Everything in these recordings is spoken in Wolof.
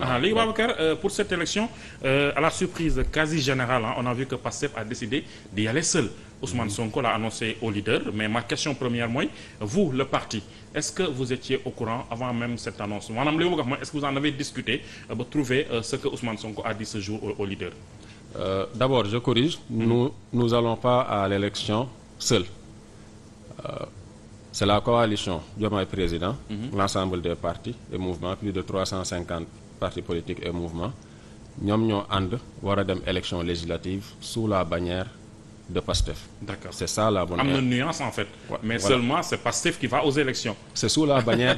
ah léegi Babacar euh, pour cette élection euh, à la surprise quasi générale on a vu que Pastef a décidé d'y aller seul Ousmane mhm. Sonko l'a annoncé au leader mais ma question première mooy vous le parti est-ce que vous étiez au courant avant même cette annonce maanaam li ma est-ce que vous en avez discuté euh, ba trouver ce que Ousmane Sonko a dit ce jour au, au leader. Euh, d'abord je corrige. Mhm. nous nous allons pas à l'élection seul. c'est la coalition Diomaye président. Mhm. l'ensemble des partis parti politique et mouvement ñoom ñoo ànd war a dem élection législative sous la bannière de PASTEF. d'accord c'est ça la bonne. am na nuance en fait. Ouais, mais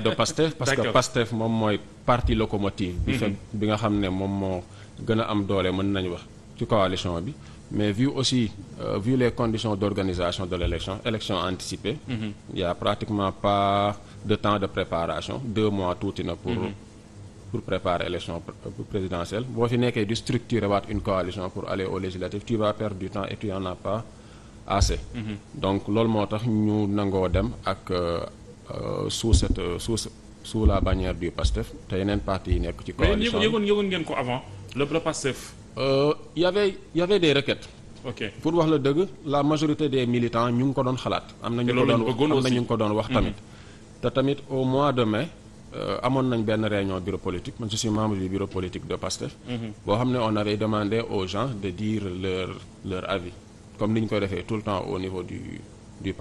de PASTEF. parce que PASTEF moom mooy parti locomotive. bi mhm. fekk bi nga xam ne moom moo gën a am doole mën nañu wax ci coalition bi. mais vu aussi euh, vu les conditions d'organisation de l'élection élection anticipée. Mm -hmm. il y a pratiquement pas de temps de préparation deux mois tuuti na pour. Mhm. pour préparer élection euh, présidentielle boo fi nekkee di structurer waat une coalition pour aller aux législatives tu vas du temps et tu pas assez. Mm-hmm. donc loolu moo tax ñu nangoo dem ak euh, euh, sous cette sous sous la bannière du PASTEF te yeneen parti yi nekk ci. coalition mais yëgoon ngeen ko avant le PASTEF. y avait y avait pour wax la dëgg la majorité des militants ñu ngi ko doon xalaat. am na ñu ko doon am na ñu ko doon wax tamit. Mm-hmm. te tamit au mois de mai. Euh, amoon nañ benn réunion bureau politique man je suis membre du bureau politique de PASTEF. Mhm. boo xam ne on avait demandé aux gens de dire leur leur avis comme ni ñu koy defee tout le temps au niveau du du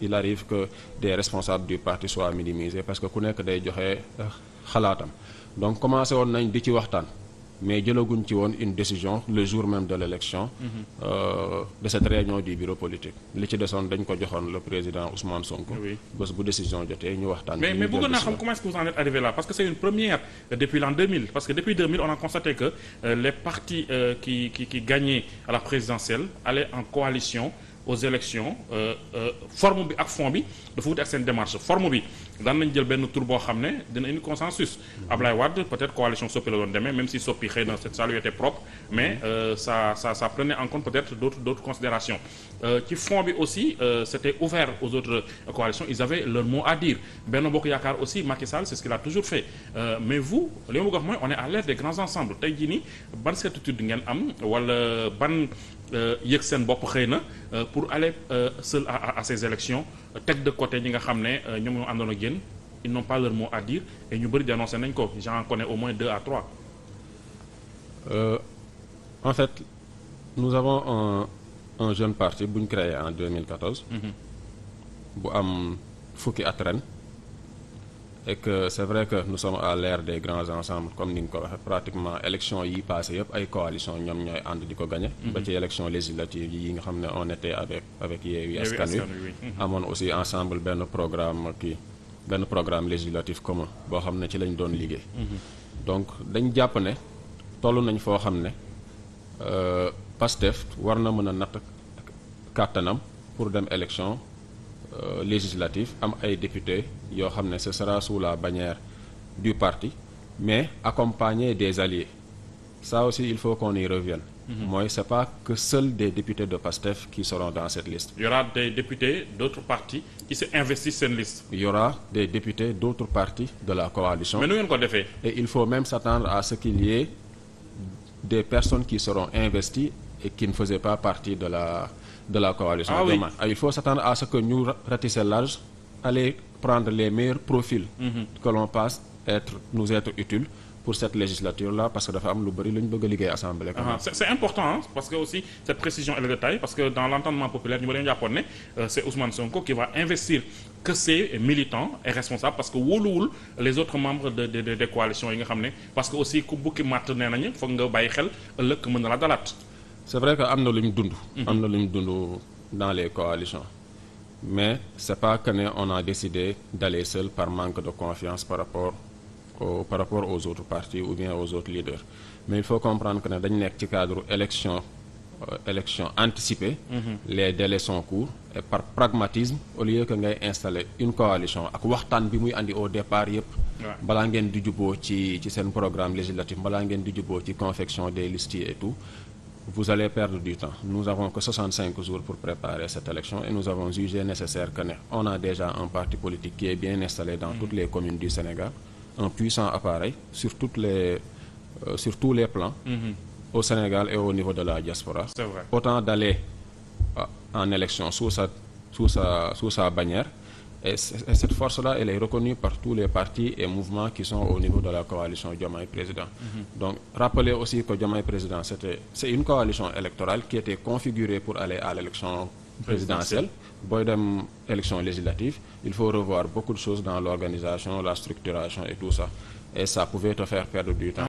il arrive que des responsables du parti soient minimisés parce que ku nekk day joxe euh, xalaatam donc commencé woon nañ di ci waxtaan. mais jëlaguñ ci woon une décision le jour même de l' élection mhm. euh, de cette réunion du bureau politique li ci desoon dañ ko joxoon le président Ousmane Sonko bés bu décision jotee ñu waxtaan mais mais bëggoon naa xam comment est-ce que vous en êtes arrivé parce que c'est une première euh, depuis l'an parce que depuis 2000 on a constaté que euh, les partis euh, qui qui la présidentielle allaient en coalition aux élections euh, euh, forme bi ak fond bi dafa wuti ak seen démarche forme bi daan nañ jël benn tour boo xam ne dina indi consensus Ablaye Wade peut-être coalition soppi la doon demee même si soppi xëy na ça lui propre mais euh, ça ça ça en compte peut-être d'autres d'autres considérations ci fond bi aussi c'était ouvert aux autres coalitions ils avaient leur mot à dire Benno Bokk Yaakaar aussi Macky c'est ce qu'il a toujours fait mais vous li ma bëgg a wax mooy on est à l'ère des Euh, yëg seen bopp xëy na euh, pour aller euh, seul à à ces élections teg de côté ñi nga xam ne ñoom ñoo àndoon ak yéen ils n'ont pas leur mot à et ñu bëri di annoncé nañ ko j'en connais au moins deux à trois. en fait nous avons un un jeune partie bu ñu créé en 2014. Mm-hmm. bu am fukki at ren. et que c'est vrai que nous sommes à l'ère des grands ensembles comme ni nga ko waxee pratiquement élection yi passé yëpp ay coalition ñoom ñooy ànd di ko gagné mhm. ba ci élection législative yi nga xam ne on était avec avec Yewwi Askan Wi mhm. amoon aussi ensemble benn programme kii benn programme législatif commun boo xam ne ci lañ doon liggéey mhm. donc dañ jàpp ne toll nañ foo xam ne euh, Pastef war na mën a natt kàttanam pour dem élection Euh, législative am ay député yoo xam ne ce sera sous la bannière du parti mais accompagné des alliés ça aussi il faut qu'on y revienne mhm. mooy c'est pas que seuls des députés de PASTEF qui seront dans cette liste il y aura des députés d'autres partis qui se investissent seen liste il des députés d'autres partis de la coalition mais nu ngeen ko defee et il faut même s'attendre à ce qu'il y des personnes qui seront investies et qui ne faisaient pas partie de la de la coalition ah, oui. Ah, il faut s'attendre à ce que nous ratisser large, aller prendre les meilleurs profils mhm. que l'on passe être, nous être utiles pour cette législature-là parce que dafa am lu bëri lu ñu a liggéey assemblée. Ah, c'est important parce que aussi cette précision et parce que dans l'entendement populaire ñu bëri jàppoon ne euh, c'est Ousmane Sonko qui va investir que ses militants et responsables parce que wóoluwul les autres membres xam ne parce que c'est vrai que am na lu ñu dund. Mhm. am na lu ñu dundu dans les coalitions. mais c'est pas que ne on a décidé d'aller seul par manque de confiance par rapport au par rapport aux autres partis ou bien aux autres leaders mais il faut comprendre que ne dañu nekk ci cadre élection euh, élection anticipée. Mhm. les délais sont courts et par pragmatisme au lieu que ngay installer une coalition ak waxtaan bi muy indi au départ yépp. balaa ngeen di juboo ci ci seen programme législatif balaa ngeen di juboo ci confection des listes vous allez perdre du temps. Nous n'avons que 65 jours pour préparer cette élection et nous avons jugé nécessaire que on mm. les communes du Sénégal, un puissant appareil euh, mm-hmm. de la diaspora. C'est vrai. Autant d'aller euh, en élection sous sa Et, et cette force-là, elle est reconnue par tous les partis et mouvements qui sont au niveau de la coalition Diomaye Président. Mm-hmm. Donc, rappelez aussi que Diomaye Président, c'était, c'est une coalition électorale qui était configurée pour aller à l'élection présidentielle booy dem élection législative il faut revoir beaucoup de choses dans l'organisation la structuration et tout ça et ça pouvait te faire perdre du temps